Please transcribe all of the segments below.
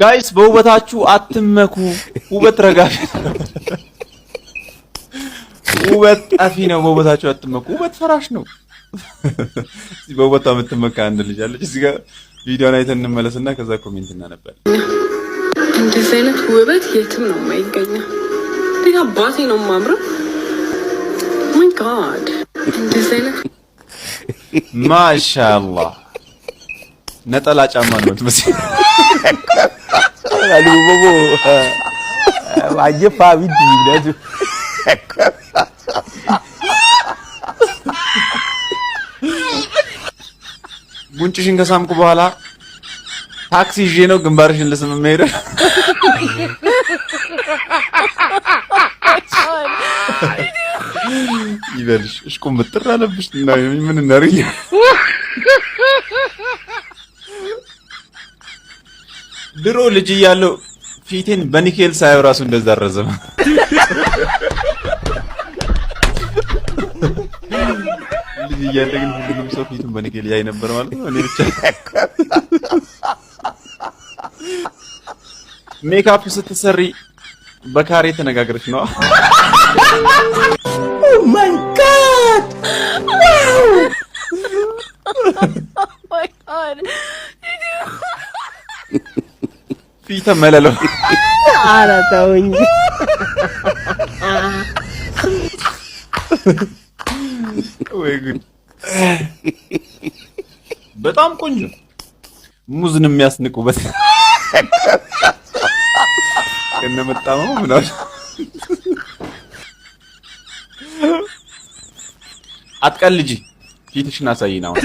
ጋይስ በውበታችሁ አትመኩ። ውበት ረጋፊ ውበት ጠፊ ነው። በውበታችሁ አትመኩ። ውበት ፈራሽ ነው። በውበቷ የምትመካ አንድ ልጅ አለች። እዚህ ጋ ቪዲዮን አይተን እንመለስና ከዛ ኮሜንት እናነባለን። እንደዚህ አይነት ውበት የትም ነው የማይገኘው። ዲጋ አባቴ ነው የማምረው። ማይ ጋድ እንደዚህ አይነት ማሻአላህ ነጠላ ጫማ ነው ትመስል አየፋ ቢድ ይብለት ጉንጭሽን ከሳምኩ በኋላ ታክሲ ይዤ ነው ግንባርሽን ልስም የምሄደው። ይበልሽ እሽቁ እሽቁም ብትራለብሽ ምን እናርኛ ድሮ ልጅ እያለው ፊቴን በኒኬል ሳየው ራሱ እንደዛ አረዘመ። ልጅ እያለ ግን ሁሉም ሰው ፊቱን በኒኬል ያይ ነበር ማለት ነው። እኔ ብቻ ሜካፕ ስትሰሪ በካሬ ተነጋግረች ነው። ኦ ማይ ጋድ ዋው ፊተ መለለው ኧረ ተውኝ። ወይ ጉድ! በጣም ቆንጆ ሙዝን የሚያስንቁበት ከነመጣመው ምናምን አትቀልጂ፣ ፊትሽን አሳይን አሁን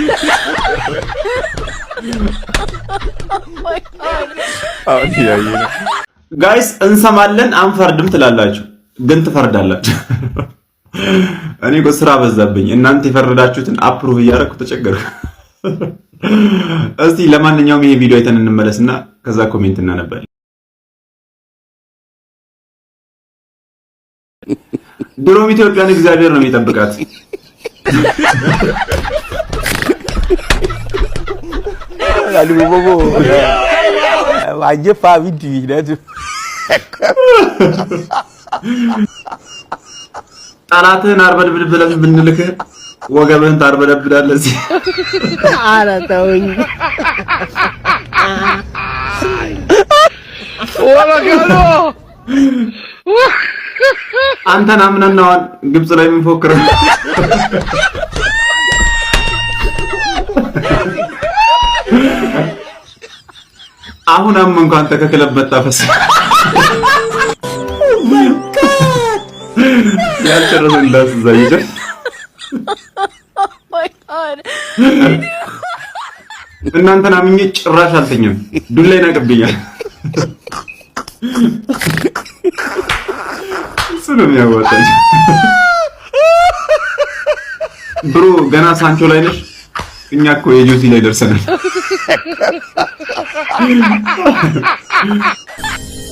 ጋይስ እንሰማለን አንፈርድም ትላላችሁ፣ ግን ትፈርዳላችሁ። እኔ እኮ ስራ በዛብኝ። እናንተ የፈረዳችሁትን አፕሩቭ እያደረኩ ተቸገርኩ። እስቲ ለማንኛውም ይሄ ቪዲዮ አይተን እንመለስና ከዛ ኮሜንት እናነባለን። ድሮም ኢትዮጵያን እግዚአብሔር ነው የሚጠብቃት። አሉ wàá jẹ́ fáwọn አርበድብድ ብለን ብንልክ ወገብህን ታርበደብዳለህ። እዚህ ኧረ ተውኝ። አንተን ግብጽ ላይ የምንፎክረው አሁን አም እንኳን ተከክለብ መታፈስ oh ያልጨረሰ እንዳስዛይዘ oh እናንተን አምኜ ጭራሽ አልተኛም። ዱላ ይናቅብኛል። እሱ ነው የሚያዋጣኝ። ገና ሳንቾ ላይ ነሽ። እኛ እኮ የጆሲ ላይ ደርሰናል።